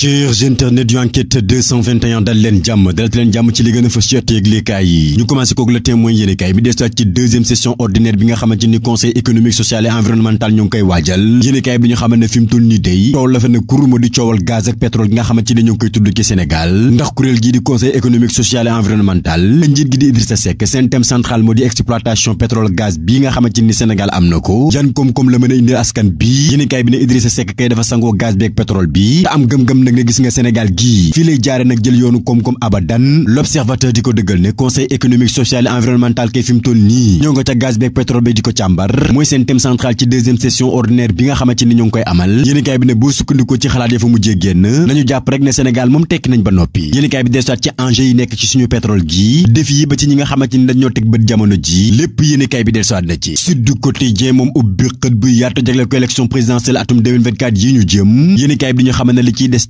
chers internet yu enquête 221 dal leen jàmm dalat leen jàmm ci li gën a fës ci yëglekaay yi ñu commencé kook la témoin yéenekaay bi desuwaat ci deuxième session ordinaire bi nga xamante ni conseil économique social et environnemental ñu koy waajal yéenekaay bi ñu xamante ne fi mu toll ni day coow ne kur ma di coowal gaz ak pétrole gi nga xamante ni ñu koy tudd ci Sénégal ndax kuréel gii di conseil économique social et environnemental la njiit gi nag ne gis nga Sénégal gii fii lay jaare nag jël yoonu koom-koom abadan l'observateur di ko dëggal ne conseil économique social et kay fi mu nii ñoo nga ca gaz beeg pétrole bi di ko càmbar mooy seen thème central ci deuxième session ordinaire bi nga xamante ni ñoo ngi koy amal yéenekaay bi ne boo sukkandikoo ci xalaat ya fa mujjee génn nañu jàpp ne Sénégal moom tekki nañ ba noppi yéenekaay bi desuwaat ci enjeu yi nekk ci suñu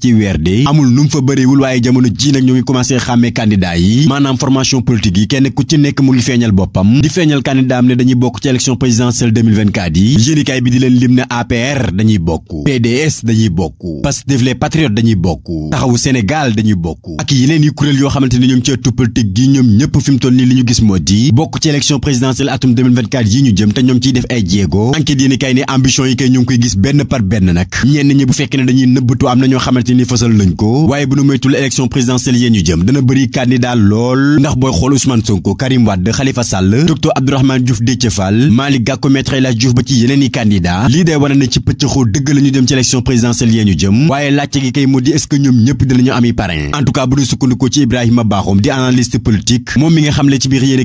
ci weer de amul nu mu fa bëriwul waaye jamono ji nag ñoo ngi commencé xàmmee candidat yi maanaam formation politique yi kenn ku ci nekk mu ngi feeñal boppam di feeñal candidat am ne dañuy bokk ci élection présidentielle 2024 yi yéenikaay bi di leen lim ne APR dañuy bokk PDS dañuy bokk Pastef les patriotes dañuy bokk dañuy bokk ak yeneen yu kuréel yoo xamante ni ñoom jëm te ñoom ciy def ay jéego enquête yéenikaay ne ambition yi kay ñu koy gis benn par benn nag ñenn ñi bu fekkee ne ni fësal waaye bu nu moytul élection présidentielle yéen jëm dana bëri candidat lool ndax booy xool Ousmane Sonko Karim Wade Khalifa Sall docteur Abdourahmane Diouf Déthié Fall Malick Gakou Maître El ba ci yeneen i lii day wane ne ci pëccëxoo dëgg la ñu ci élection présidentielle yéen jëm waaye laajte gi kay moo di est-ce dinañu ami parrain en bu nu sukkandikoo ci Ibrahima Bakhoum di analyste politique moom mi nga xam ci biir yéen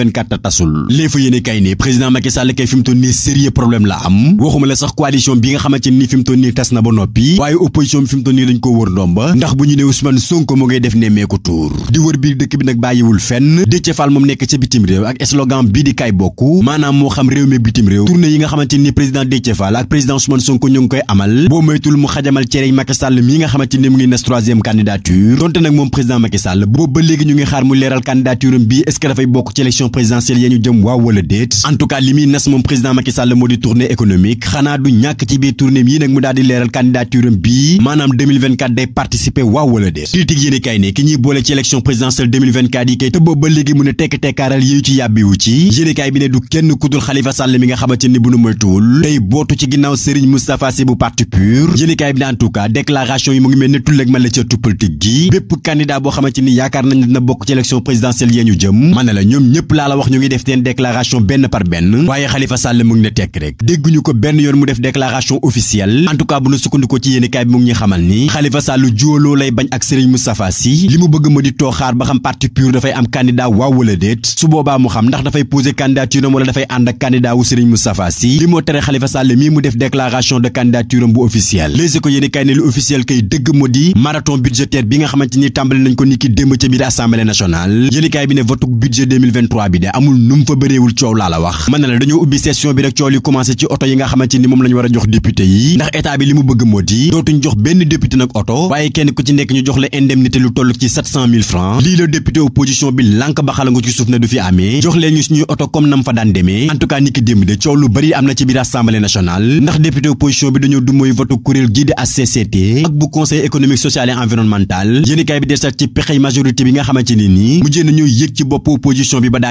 2024 te tasul lée fa yéene kay président Macky Sall kay fi mu nii sérieux problème la am waxuma la sax coalition bi nga xamante ni fi mu nii tas na ba noppi waaye opposition bi fi mu nii dañ ko wër ndomba ndax bu ñu ne Ousmane Sonko mu ngay def nemmeeku tuur di wër biir dëkk bi nag bàyyiwul fenn Déthié Fall moom nekk ca bitim réew ak slogan bii di kay bokk maanaam moo xam réew mi bitim réew tournée yi nga xamante ni président présidentielle yi ñu jëm waaw wala déet en tout cas nas moom président Macky Sall moo di tournée économique xanaa du ñàkk ci biir tournée yi nag mu daal leeral candidature am maanaam 2024 day participer waaw wala déet critique yéen i kay ne ki ñuy boole ci élection présidentielle 2024 yi kay te ba léegi mu ne tekk-tekkaaral yi ci yàbbiwu ci yéen i bi ne du kenn kudul Khalifa Sall mi nga xamante ni bu nu moytuwul tey bootu ci yaakaar nañ dina bokk laa la wax ñu ngi def seen déclaration benn par benn waaye Khalifa Sall mu ngi ne tekk rek dégguñu ko benn yoon mu def déclaration officielle en bu nu sukkandikoo ci yéenekaay bi mu ngi xamal ni Khalifa Sall juoloo lay bañ ak Serigne Moustapha Sy li mu bëgg ma di tooxaar ba xam parti pur dafay am candidat waaw wala su boobaa mu xam ndax dafay poser candidature am dafay ànd ak candidat wu Serigne Moustapha Sy li moo tere Khalifa Sall mii 3 amul nu fa bëreewul coow laa la wax mën la dañoo ubbi session bi rek coow li commencé ci oto yi nga xamante ni moom la war a jox député yi ndax état bi li mu bëgg moo di jox benn député nag oto waaye kenn ku ci nekk ñu jox la indemnité lu toll ci 700 000 francs lii la député opposition bi lànk ba xala ci suuf ne du fi amee jox suñuy oto comme nam fa daan demee en tout démb de coow lu bëri am na ci biir assemblée nationale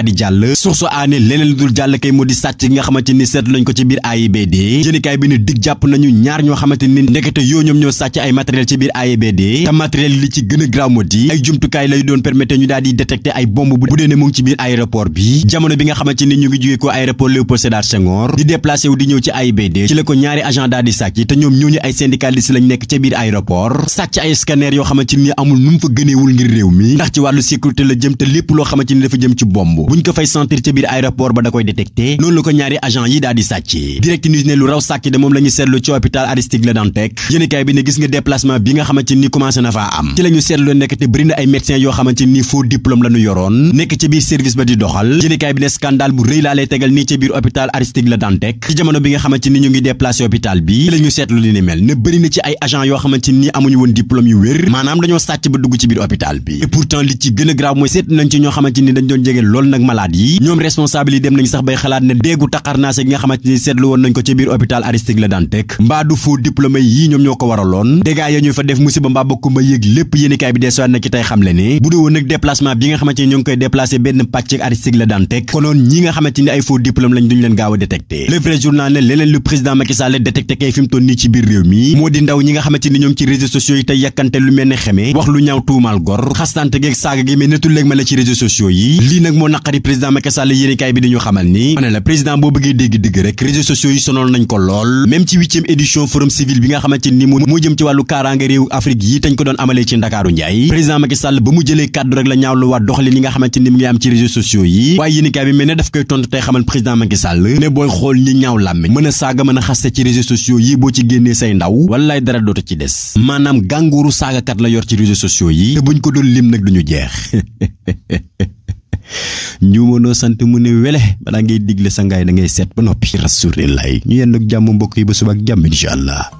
daal di jàll source aané leneen lu dul jàll kay moo di sàcc gi nga xamante ni seetlu lañ ko ci biir AIBD yéenekaay bi ne dig jàpp nañu ñaar ñoo xamante ni ndekete yoo ñoom ñoo sàcc ay matériel ci biir AIBD te matériel li ci gën a graw ay jumtukaay lay doon permettre ñu daal di détecter ay bomb bu dee ne mu ngi ci biir aéroport bi jamono bi nga xamante ni ñu ngi jógee ko aéroport Léopold Sédar Senghor di déplacé wu di ñëw ci AIBD ci la ko ñaari agent daal di sàcc te ñoom ñooñu ay syndicaliste lañ nekk mu fa gëneewul ngir réew ndax ci wàllu sécurité la jëm te lépp loo xamante ni dafa jëm ci bomb buñ ko fay sentir ca biir aéroport ba da koy détecté noonu ko ñaari agent yi daal di sàcc direct news ne lu raw sàcc de moom la ñu seetlu ci hôpital Aristide Le Dantec yéenekaay bi nga déplacement bi nga xamante ni commencé na faa am ci la ñu seetlu nekk te bëri na ay médecins yoo xamante ni faux ñu yoroon nekk ca biir service ba di doxal yéenekaay bi ne scandale bu rëy laa lay tegal nii ca biir ci jamono bi nga xamante ni ñu ngi déplacé hôpital bi ci la ñu seetlu li ni mel ne bëri na ci ay agent yoo xamante ni amuñu woon diplôme yu wér maanaam dañoo sàcc ba dugg ci biir hôpital bi et pourtant li ci gën a mooy seet nañ ci ñoo xamante ni dañ doon jege lool nag ak malade yi ñoom responsable yi dem nañ sax bay xalaat ne déegu taqarnaase gi nga xamante seetlu woon nañ ko ci biir hôpital Aristide Le Dantec mbaa du faux diplômé yii ñoom ñoo ko waraloon dégâts ya ñuy fa def musiba mbaa bokkumba yëg lépp yéenekaay bi desuwaat na ci tey xamle ne bu dee woon nag déplacement bi nga xamante ni koy déplacé benn pàcc ak Aristide Le Dantec konoon ñi nga xamante ay faux diplôme lañ duñu leen gaaw a naqari président Macky Sall yéenekaay bi dañu xamal ni ma président boo bëggee dégg dëgg rek réseaux sociaux yi sonal nañ ko lool même ci huitième édition forum civil bi nga xamante ni moo moo jëm ci wàllu kaaraange réew Afrique yi tañ ko doon amalee ci Ndakaaru Njaay président Macky Sall ba mu jëlee kàddu rek la ñaawlu waat doxalin yi nga xamante ni mu ngi am ci réseaux sociaux yi waaye yéenekaay bi mel ne daf koy tontu tey xamal président Macky a a xaste ci réseaux sociaux yi boo ci génnee say ndaw wallaay dara dootu ci des la yor ci réseaux ko doon lim nag noo sant mu ne wele balaa ngay digle sangaay da ngay seet ba noppi rasulillah ñu yenn ak jàmm mbokk yi ba suba ak jàmm incha allah